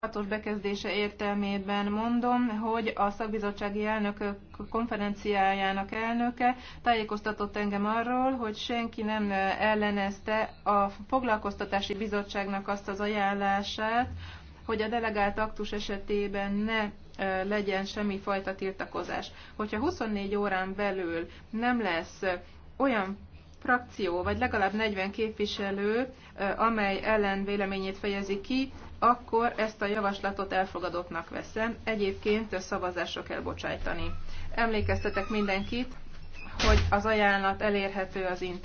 hatos bekezdése értelmében mondom, hogy a szakbizottsági elnökök konferenciájának elnöke tájékoztatott engem arról, hogy senki nem ellenezte a foglalkoztatási bizottságnak azt az ajánlását, hogy a delegált aktus esetében ne e, legyen semmi fajta tiltakozás. Hogyha 24 órán belül nem lesz e, olyan frakció, vagy legalább 40 képviselő, amely ellen véleményét fejezi ki, akkor ezt a javaslatot elfogadottnak veszem, egyébként szavazásra kell bocsájtani. Emlékeztetek mindenkit, hogy az ajánlat elérhető az internet.